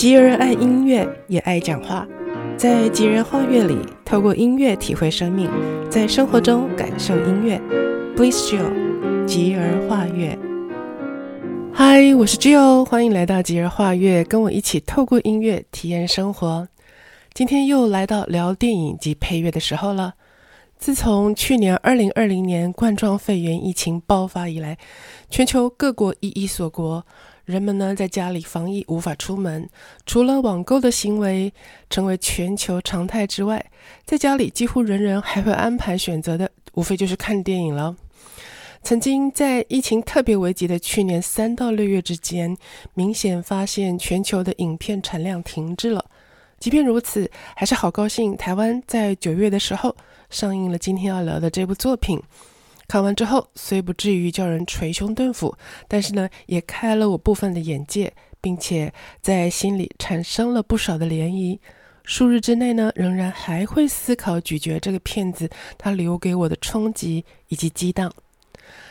吉爾愛音樂，也愛講話。在吉爾話樂裡，透過音樂體會生命，在生活中感受音樂。Bliss Jill，吉爾話樂。嗨，我是 Jill，歡迎來到吉爾話樂，跟我一起透過音樂體驗生活。今天又來到聊電影及配樂的時候了。自從去年二零二零年冠狀肺炎疫情爆發以來，全球各國一一鎖國。人們呢在家裡防疫無法出門，除了網購的行為成為全球常態之外，在家裡幾乎人人還會安排選擇的，無非就是看電影了。曾經在疫情特別危急的去年三到六月之間，明顯發現全球的影片產量停滯了。即便如此，還是好高興，台灣在九月的時候上映了今天要聊的這部作品。看完之後，雖不至於叫人捶胸頓腹，但是呢，也開了我部分的眼界，並且在心裡產生了不少的漣漪。數日之內呢，仍然還會思考、咀嚼這個片子它留給我的衝擊以及激盪。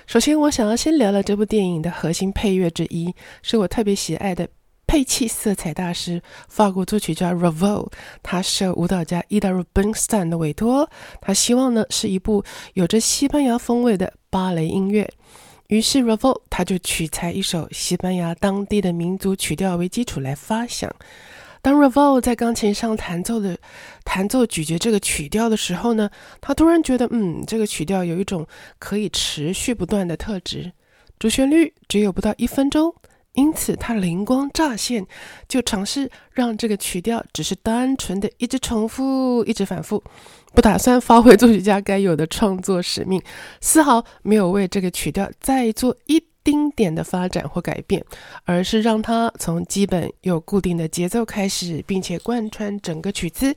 首先，我想要先聊聊這部電影的核心配樂之一，是我特別喜愛的。配器色彩大師、法國作曲家 Ravel，他受舞蹈家伊達·魯賓斯坦的委托，他希望呢是一部有着西班牙風味的芭蕾音樂。於是 Ravel 他就取材一首西班牙當地的民族曲調為基礎來發想。當 Ravel 在鋼琴上彈奏的彈奏咀、咀嚼這個曲調的時候呢，他突然覺得嗯，這個曲調有一種可以持續不斷的特質。主旋律只有不到一分鐘。因此，他靈光乍現，就嘗試讓這個曲調只是單純地一直重複、一直反覆，不打算發揮作曲家該有的創作使命，絲毫沒有為這個曲調再做一丁點的發展或改變，而是讓它從基本有固定的節奏開始，並且貫穿整個曲子。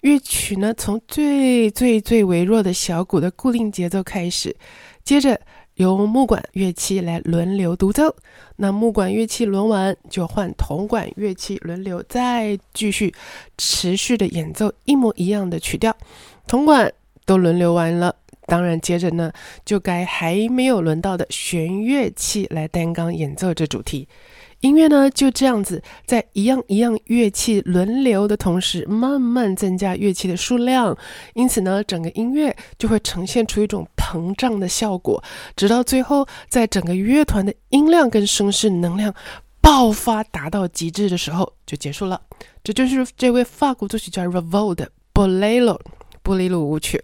樂曲呢，從最最最微弱的小鼓的固定節奏開始，接着。由木管樂器來輪流獨奏，那木管樂器輪完就換銅管樂器輪流，再繼續持續的演奏一模一樣的曲調。銅管都輪流完了，當然接着呢就該還沒有輪到的弦樂器來擔綱演奏這主題。音樂呢就這樣子，在一樣一樣樂器輪流的同時，慢慢增加樂器的數量，因此呢，整個音樂就會呈現出一種膨脹的效果，直到最後，在整個樂團的音量跟聲勢能量爆發達到極致的時候就結束了。這就是這位法國作曲家 Ravel 的《波萊羅》波麗露舞曲。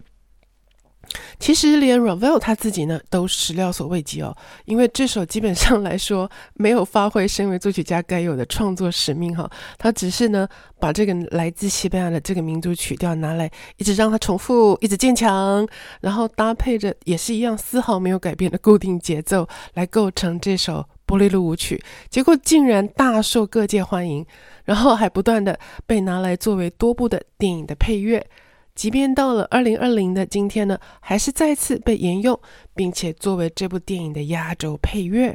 其實連 Ravel 他自己呢，都始料所未及哦，因為這首基本上來說，沒有發揮身為作曲家該有的創作使命哈、哦，他只是呢，把這個來自西班牙的這個民族曲調拿來，一直讓它重複，一直漸強，然後搭配着也是一樣，絲毫沒有改變的固定節奏來構成這首波麗露舞曲，結果竟然大受各界歡迎，然後還不斷的被拿來作為多部的電影的配樂。即便到了二零二零的今天呢，還是再次被沿用，並且作為這部電影的壓軸配樂。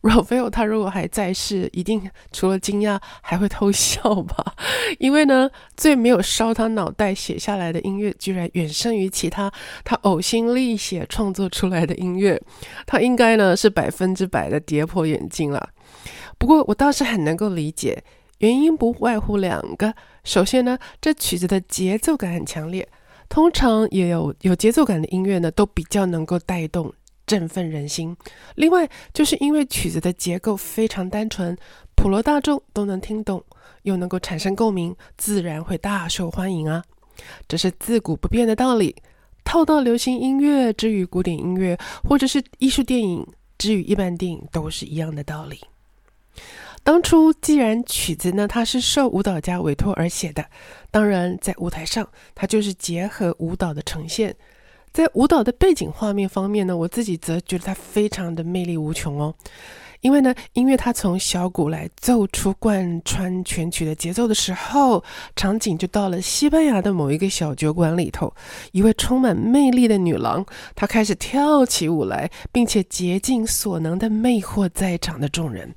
Ravel 他如果還在世，一定除了驚訝，還會偷笑吧？因為呢，最沒有燒他腦袋寫下來的音樂，居然遠勝於其他他嘔心瀝血創作出來的音樂。他應該呢是百分之百的跌破眼鏡了。不過，我倒是很能夠理解。原因不外乎兩個。首先呢，這曲子的節奏感很強烈，通常也有有節奏感的音樂呢，都比較能夠帶動、振奮人心。另外，就是因為曲子的結構非常單純，普羅大眾都能聽懂，又能夠產生共鳴，自然會大受歡迎啊。這是自古不變的道理，套到流行音樂之於古典音樂，或者是藝術電影之於一般電影，都是一樣的道理。當初既然曲子呢，它是受舞蹈家委托而寫的，當然在舞台上，它就是結合舞蹈的呈現。在舞蹈的背景畫面方面呢，我自己則覺得它非常的魅力無窮哦。因為呢，音樂它從小鼓來奏出貫穿全曲的節奏的時候，場景就到了西班牙的某一個小酒館裡頭，一位充滿魅力的女郎，她開始跳起舞來，並且竭盡所能地魅惑在場的眾人。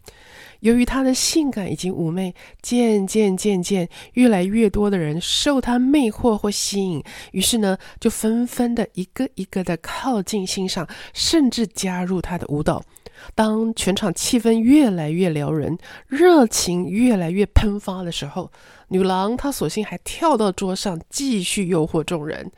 由於她的性感以及嫵媚，漸漸漸漸越來越多的人受她魅惑或吸引，於是呢，就紛紛的一個一個的靠近欣賞，甚至加入她的舞蹈。當全場氣氛越來越撩人，熱情越來越噴發的時候，女郎她索性還跳到桌上，繼續誘惑眾人。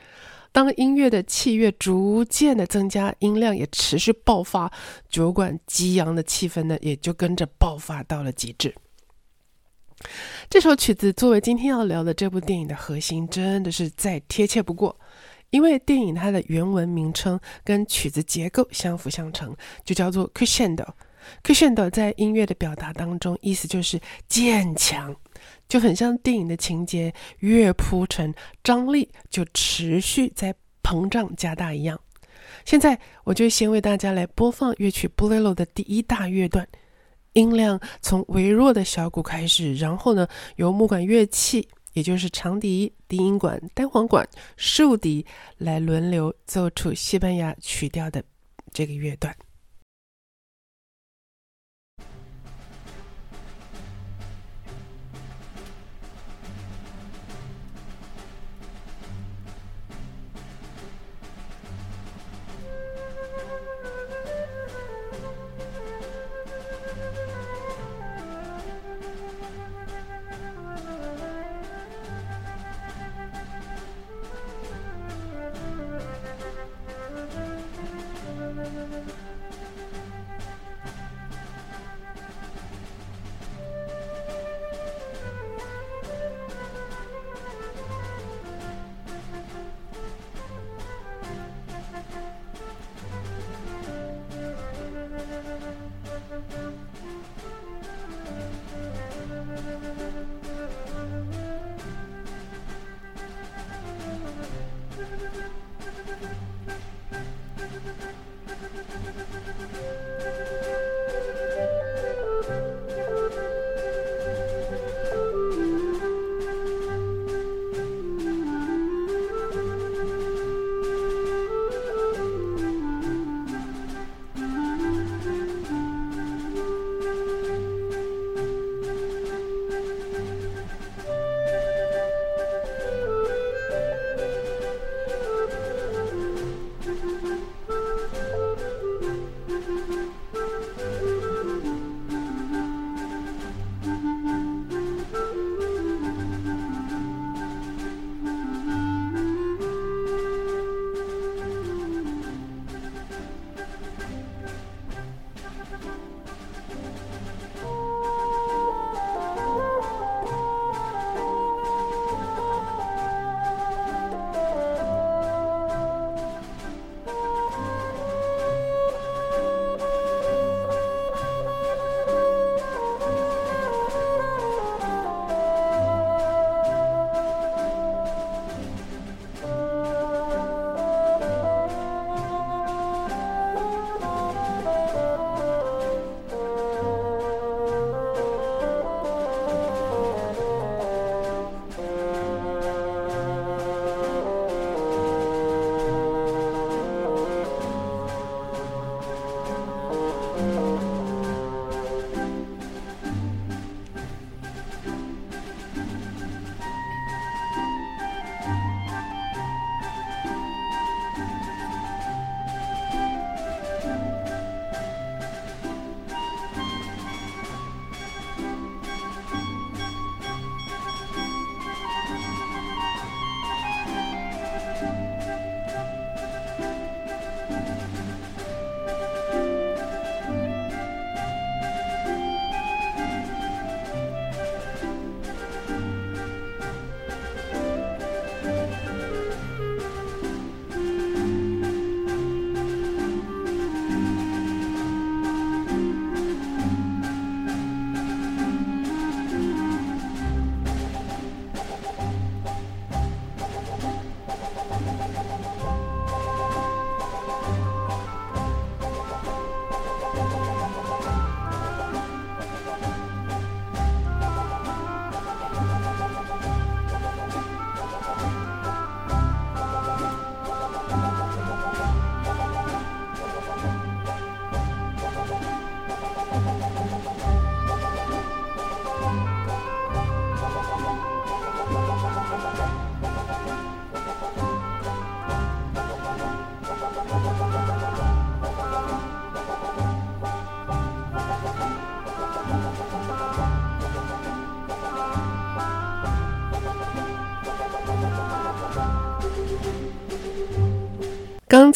當音樂的器樂逐漸的增加，音量也持續爆發，酒館激昂的氣氛呢，也就跟着爆發到了極致。這首曲子作為今天要聊的這部電影的核心，真的是再貼切不過，因為電影它的原文名稱跟曲子結構相輔相成，就叫做 Crescendo。Crescendo 在音樂的表達當中，意思就是漸強。就很像電影的情節，越鋪陳，張力就持續在膨脹加大一樣。現在，我就先為大家來播放樂曲《布雷洛》的第一大樂段，音量從微弱的小鼓開始，然後呢，由木管樂器，也就是長笛、低音管、單簧管、豎笛來輪流奏出西班牙曲調的這個樂段。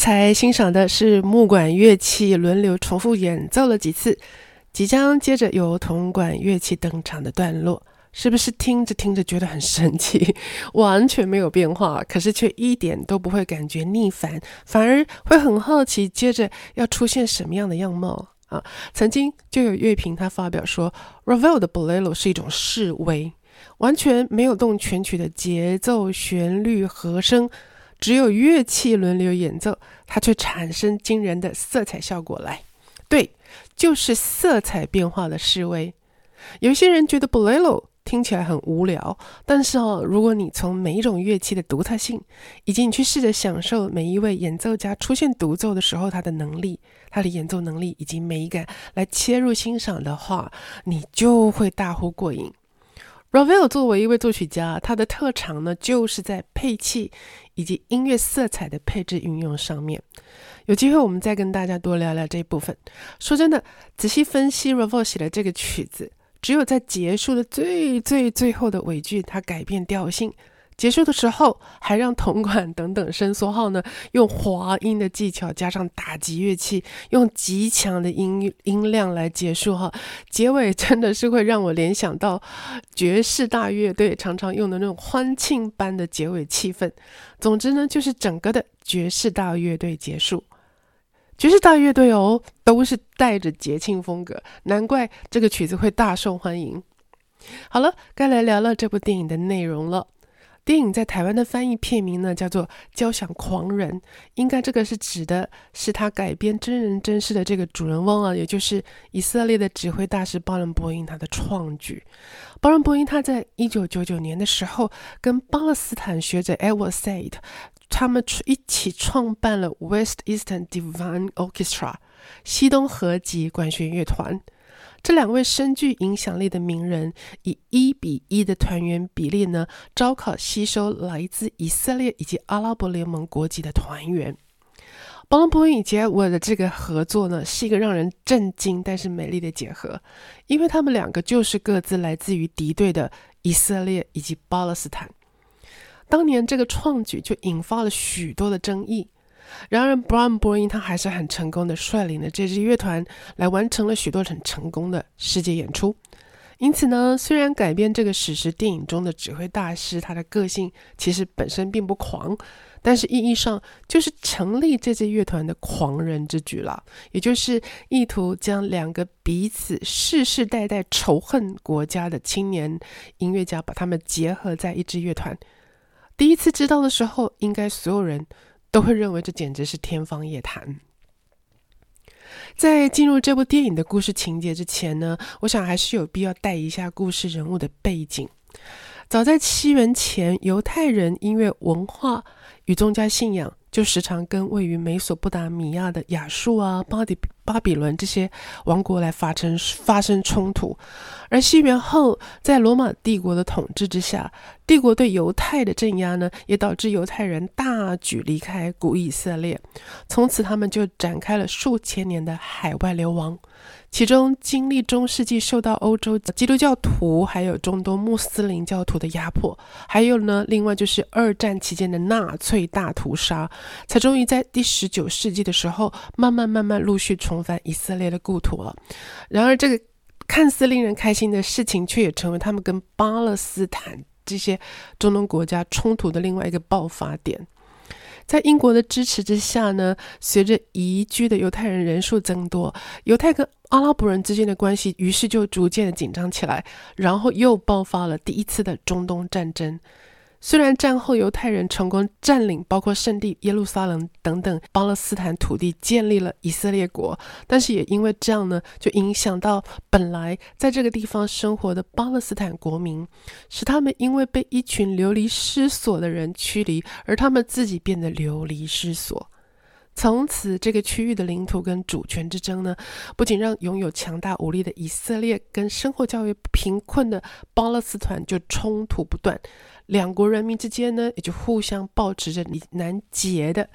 才欣賞的是木管樂器輪流重複演奏了幾次，即將接着由銅管樂器登場的段落，是不是聽着聽着覺得很神奇？完全沒有變化，可是卻一點都不會感覺膩煩，反而會很好奇接着要出現什麼樣的樣貌啊？曾經就有樂評他發表說 Ravel 的 Bolero 是一種示威，完全沒有動全曲的節奏、旋律、和聲。只有樂器輪流演奏，它卻產生驚人的色彩效果來。對，就是色彩變化的示威。有些人覺得 Boléro 聽起來很無聊，但是哦，如果你從每一種樂器的獨特性，以及你去試着享受每一位演奏家出現獨奏的時候他的能力、他的演奏能力以及美感來切入欣賞的話，你就會大呼過癮。Ravel 作為一位作曲家，他的特長呢，就是在配器以及音樂色彩的配置運用上面。有機會我們再跟大家多聊聊這部分。說真的，仔細分析 Ravel 寫的這個曲子，只有在結束的最最最最後的尾句，它改變調性。結束的時候還讓銅管等等伸縮號呢，用滑音的技巧加上打擊樂器，用極強的音音量，來結束哈。結尾真的是會讓我聯想到爵士大樂隊常常用的那種歡慶般的結尾氣氛。總之呢，就是整個的爵士大樂隊結束，爵士大樂隊哦，都是帶着節慶風格，難怪這個曲子會大受歡迎。好了，該來聊聊這部電影的內容了。電影在台灣的翻譯片名呢，叫做《交響狂人》。應該這個是指的，是他改編真人真事的這個主人翁啊，也就是以色列的指揮大師巴倫波因他的創舉。巴倫波因他在一九九九年的時候，跟巴勒斯坦學者 Edward Said 他們一起創辦了 West Eastern Divine Orchestra 西東合集管弦樂團。這兩位深具影響力的名人，以一比一的團員比例呢，招考吸收來自以色列以及阿拉伯聯盟國籍的團員。巴倫波因以及我的這個合作呢，是一個讓人震驚但是美麗的結合，因為他們兩個就是各自來自於敵對的以色列以及巴勒斯坦。當年這個創舉就引發了許多的爭議。然而，Barenboim 他還是很成功的率領了這支樂團，來完成了許多很成功的世界演出。因此呢，雖然改編這個史詩電影中的指揮大師，他的個性其實本身並不狂，但是意義上就是成立這支樂團的狂人之舉了。也就是意圖將兩個彼此世世代代仇恨國家的青年音樂家，把他們結合在一支樂團。第一次知道的時候，應該所有人，都會認為這簡直是天方夜譚。在進入這部電影的故事情節之前呢，我想還是有必要帶一下故事人物的背景。早在西元前，猶太人音樂文化。與宗教信仰，就時常跟位於美索不達米亞的亞述啊、巴比巴比倫這些王國來發生發生衝突。而西元後，在羅馬帝國的統治之下，帝國對猶太的鎮壓呢，也導致猶太人大舉離開古以色列，從此他們就展開了數千年的海外流亡。其中經歷中世紀受到歐洲基督教徒、還有中東穆斯林教徒的壓迫，還有呢，另外就是二戰期間的納粹大屠殺，才終於在第十九世紀的時候，慢慢慢慢陸續重返以色列的故土了。然而，這個看似令人開心的事情，卻也成為他們跟巴勒斯坦這些中東國家衝突的另外一個爆發點。在英國的支持之下呢，隨着移居的猶太人人數增多，猶太跟阿拉伯人之間的關係於是就逐漸的緊張起來，然後又爆發了第一次的中東戰爭。雖然戰後猶太人成功佔領包括聖地耶路撒冷等等巴勒斯坦土地，建立了以色列國，但是也因為這樣呢，就影響到本來在這個地方生活的巴勒斯坦國民，使他們因為被一群流離失所的人驅離，而他們自己變得流離失所。從此，這個區域的領土跟主權之爭呢，不僅讓擁有強大武力的以色列跟生活較為貧困的巴勒斯坦就衝突不斷。兩國人民之間呢，也就互相保持着難解的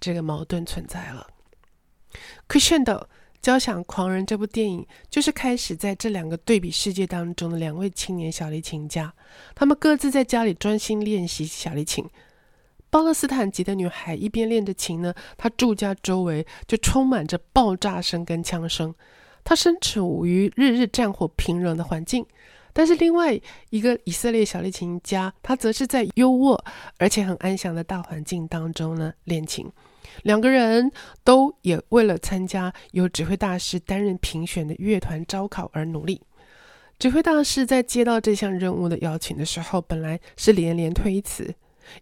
這個矛盾存在了。《可什的交響狂人》這部電影就是開始在這兩個對比世界當中的兩位青年小提琴家，他們各自在家裡專心練習小提琴。巴勒斯坦籍的女孩一邊練着琴呢，她住家周圍就充滿着爆炸聲跟槍聲，她身處於日日戰火頻仍的環境。但是另外一個以色列小提琴家，他則是在優渥而且很安詳的大環境當中呢練琴。兩個人都也為了參加由指揮大師擔任評選的樂團招考而努力。指揮大師在接到這項任務的邀請的時候，本來是連連推辭，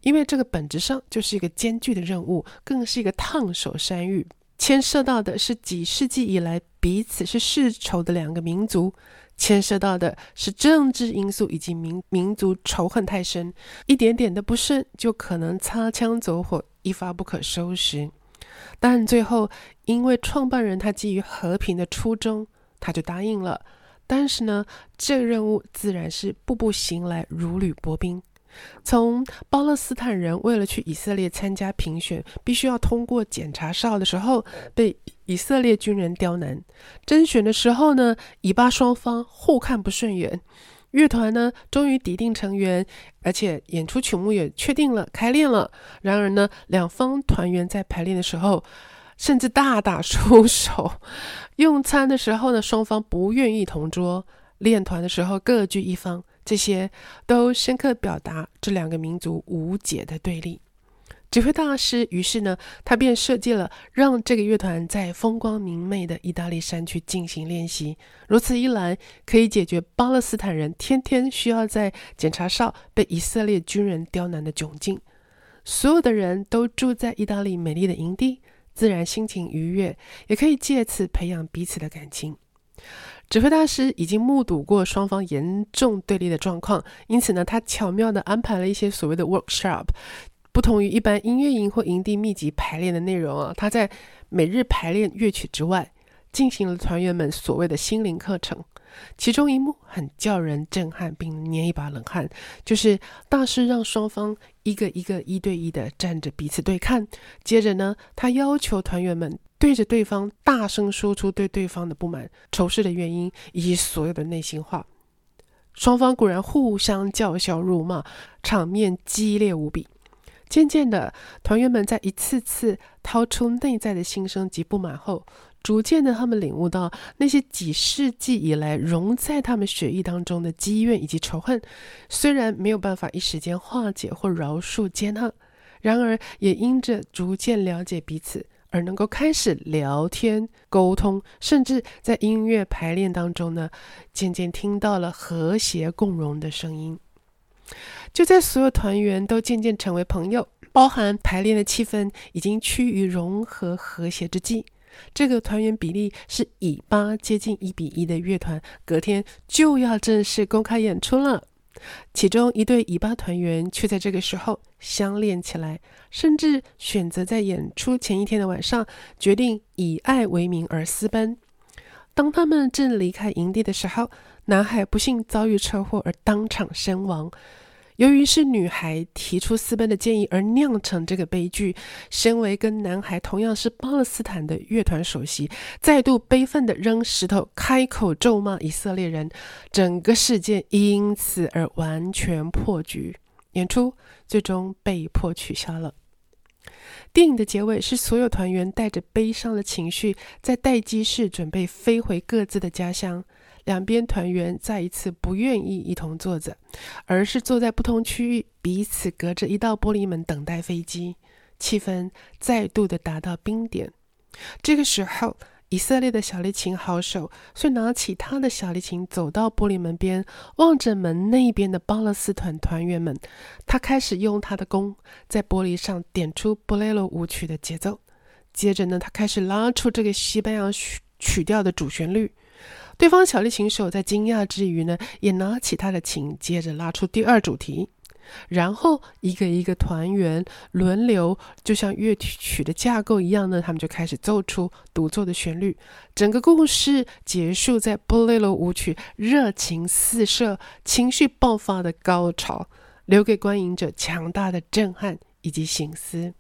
因為這個本質上就是一個艱巨的任務，更是一個燙手山芋，牽涉到的是幾世紀以來彼此是世仇的兩個民族。牽涉到的是政治因素以及民民族仇恨太深，一點點的不慎就可能擦槍走火，一發不可收拾。但最後，因為創辦人他基於和平的初衷，他就答應了。但是呢，這個任務自然是步步行來，如履薄冰。從巴勒斯坦人為了去以色列參加評選，必須要通過檢查哨的時候，被以色列軍人刁難；徵選的時候呢，以巴雙方互看不順眼。樂團呢，終於底定成員，而且演出曲目也確定了，開練了。然而呢，兩方團員在排練的時候，甚至大打出手。用餐的時候呢，雙方不願意同桌；練團的時候，各據一方。這些都深刻表達這兩個民族無解的對立。指揮大師於是呢，他便設計了讓這個樂團在風光明媚的意大利山區進行練習。如此一來，可以解決巴勒斯坦人天天需要在檢查哨被以色列軍人刁難的窘境。所有的人都住在意大利美麗的營地，自然心情愉悅，也可以借此培養彼此的感情。指揮大師已經目睹過雙方嚴重對立的狀況，因此呢，他巧妙地安排了一些所謂的 workshop，不同於一般音樂營或營地密集排練的內容啊。他在每日排練樂曲之外，進行了團員們所謂的心靈課程。其中一幕很叫人震撼，並捏一把冷汗，就是大師讓雙方一個一個一對一地站着彼此對看。接着呢，他要求團員們。對着對方大聲說出對對方的不滿、仇視的原因以及所有的內心話，雙方果然互相叫囂辱罵，場面激烈無比。漸漸的，團員們在一次次掏出內在的心聲及不滿後，逐漸的他們領悟到那些幾世紀以來融在他們血液當中的積怨以及仇恨，雖然沒有辦法一時間化解或饒恕艱難，然而也因着逐漸了解彼此。而能夠開始聊天、溝通，甚至在音樂排練當中呢，漸漸聽到了和諧共融的聲音。就在所有團員都漸漸成為朋友，包含排練的氣氛已經趨於融合和諧之際，這個團員比例是以巴接近一比一的樂團，隔天就要正式公開演出了。其中一對以巴團員卻在這個時候相戀起來，甚至選擇在演出前一天的晚上，決定以愛為名而私奔。當他們正離開營地的時候，男孩不幸遭遇車禍而當場身亡。由於是女孩提出私奔的建議而釀成這個悲劇，身為跟男孩同樣是巴勒斯坦的樂團首席，再度悲憤地扔石頭，開口咒罵以色列人，整個事件因此而完全破局，演出最終被迫取消了。電影的結尾是所有團員帶着悲傷的情緒在待機室準備飛回各自的家鄉。兩邊團員再一次不願意一同坐着，而是坐在不同區域，彼此隔着一道玻璃門等待飛機，氣氛再度的達到冰點。這個時候，以色列的小提琴好手遂拿起他的小提琴，走到玻璃門邊，望着門那邊的巴勒斯坦團員們，他開始用他的弓在玻璃上點出布雷羅舞曲的節奏，接着呢，他開始拉出這個西班牙曲曲調的主旋律。對方小提琴手在驚訝之餘呢，也拿起他的琴，接着拉出第二主題，然後一個一個團員輪流，就像樂曲的架構一樣呢，他們就開始奏出獨奏的旋律。整個故事結束在布雷羅舞曲熱情四射、情緒爆發的高潮，留給觀影者強大的震撼以及醒思。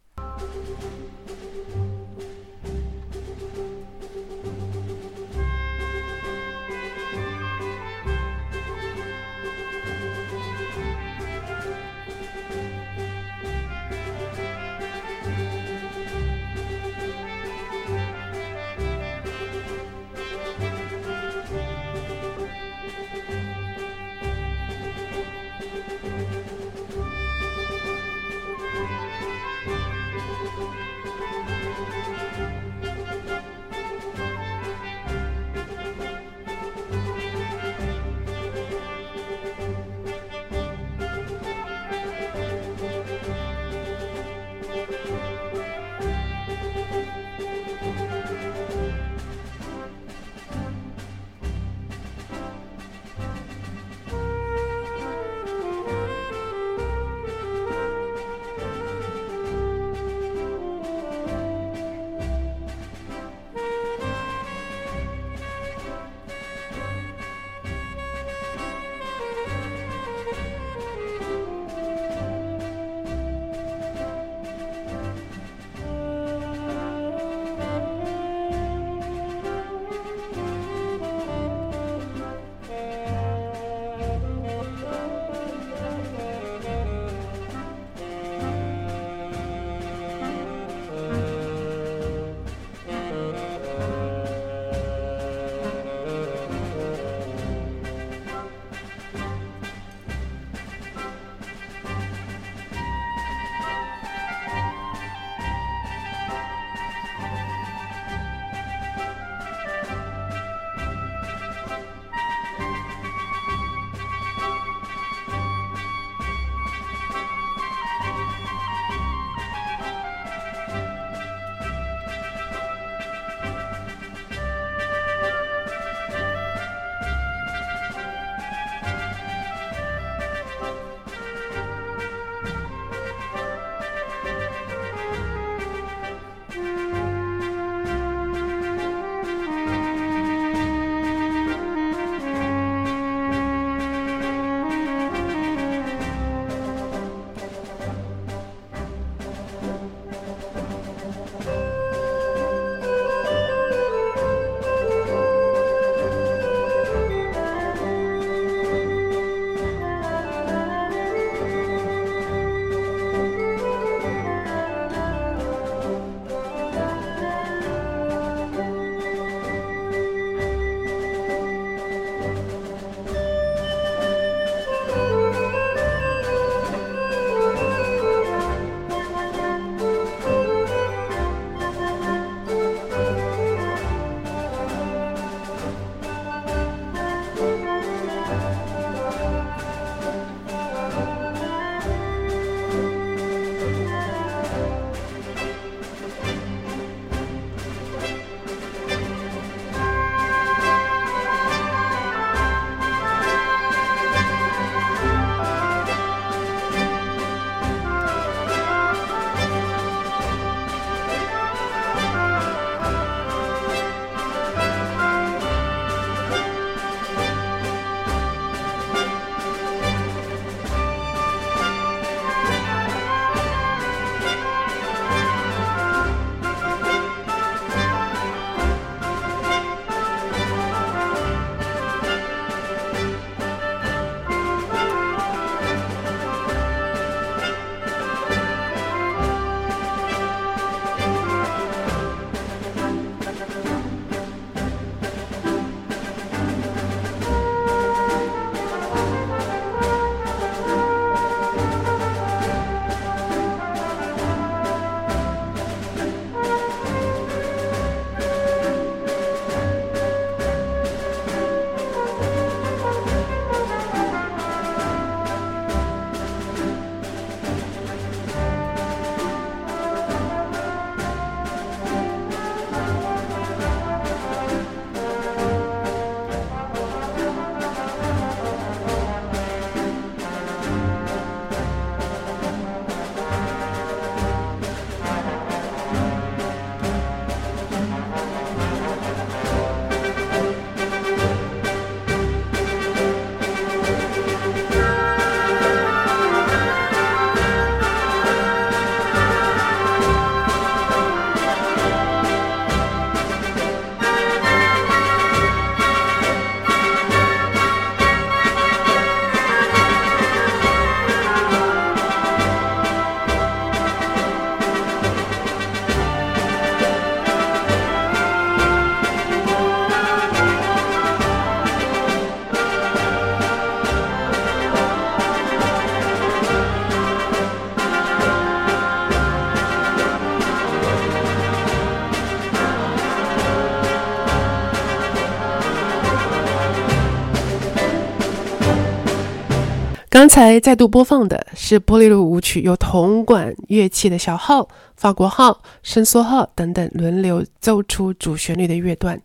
剛才再度播放的是《波麗露舞曲》，由銅管樂器的小號、法國號、伸縮號等等輪流奏出主旋律的樂段。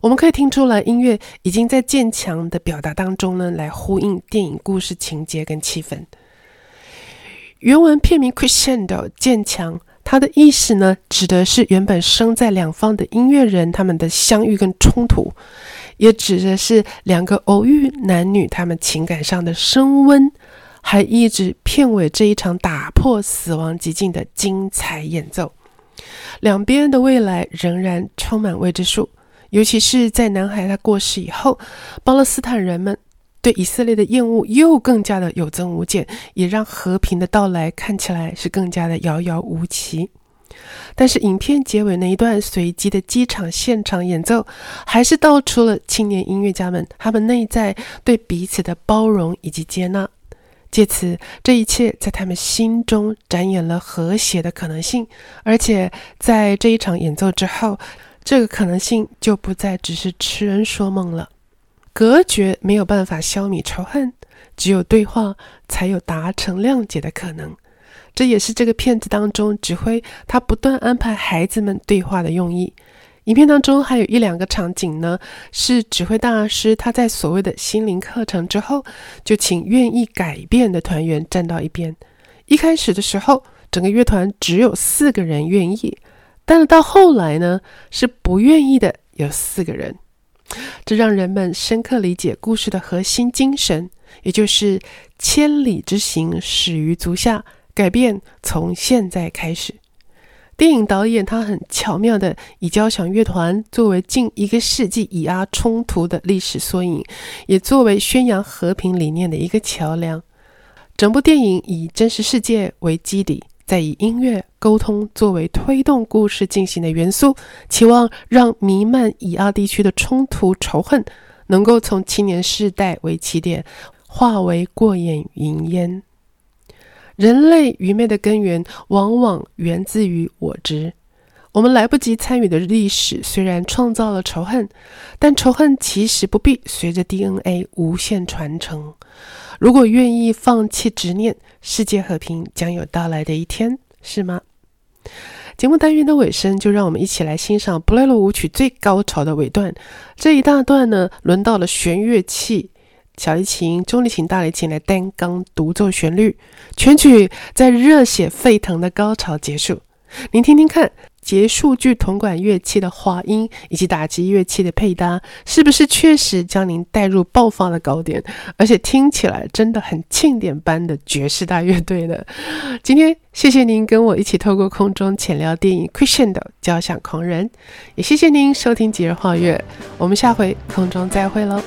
我們可以聽出來，音樂已經在漸強的表達當中呢，來呼應電影故事情節跟氣氛。原文片名《Crescendo》的漸強，它的意思呢，指的是原本身在兩方的音樂人，他們的相遇跟衝突。也指的是兩個偶遇男女他們情感上的升溫，還一直片尾這一場打破死亡寂靜的精彩演奏。兩邊的未來仍然充滿未知數，尤其是在男孩他過世以後，巴勒斯坦人們對以色列的厭惡又更加的有增無減，也讓和平的到來看起來是更加的遙遙無期。但是，影片結尾那一段隨機的機場現場演奏，還是道出了青年音樂家們他們內在對彼此的包容以及接納。借此，這一切在他們心中展演了和諧的可能性。而且，在這一場演奏之後，這個可能性就不再只是痴人說夢了。隔絕沒有辦法消弭仇恨，只有對話才有達成諒解的可能。這也是這個片子當中指揮他不斷安排孩子們對話的用意。影片當中還有一兩個場景呢，是指揮大師他在所謂的心靈課程之後，就請願意改變的團員站到一邊。一開始的時候，整個樂團只有四個人願意，但是到後來呢，是不願意的有四個人。這讓人們深刻理解故事的核心精神，也就是“千里之行，始於足下”。改變從現在開始。電影導演他很巧妙地以交響樂團作為近一個世紀以阿衝突的歷史縮影，也作為宣揚和平理念的一個橋樑。整部電影以真實世界為基底，再以音樂溝通作為推動故事進行的元素，期望讓瀰漫以阿地區的衝突仇恨能夠從青年世代為起點，化為過眼雲煙。人類愚昧的根源往往源自於我執。我們來不及參與的歷史雖然創造了仇恨，但仇恨其實不必隨着 DNA 無限傳承。如果願意放棄執念，世界和平將有到來的一天，是嗎？節目單元的尾聲，就讓我們一起來欣賞《波麗露舞曲》最高潮的尾段。這一大段呢，輪到了弦樂器。小提琴、中提琴、大提琴來擔綱獨奏旋律，全曲在熱血沸騰的高潮結束。您聽聽看，結束句銅管樂器的滑音以及打擊樂器的配搭，是不是確實將您帶入爆發的高點？而且聽起來真的很慶典般的爵士大樂隊呢。今天謝謝您跟我一起透過空中淺聊電影《Christian》的交響狂人，也謝謝您收聽今日話樂。我們下回空中再會嘍。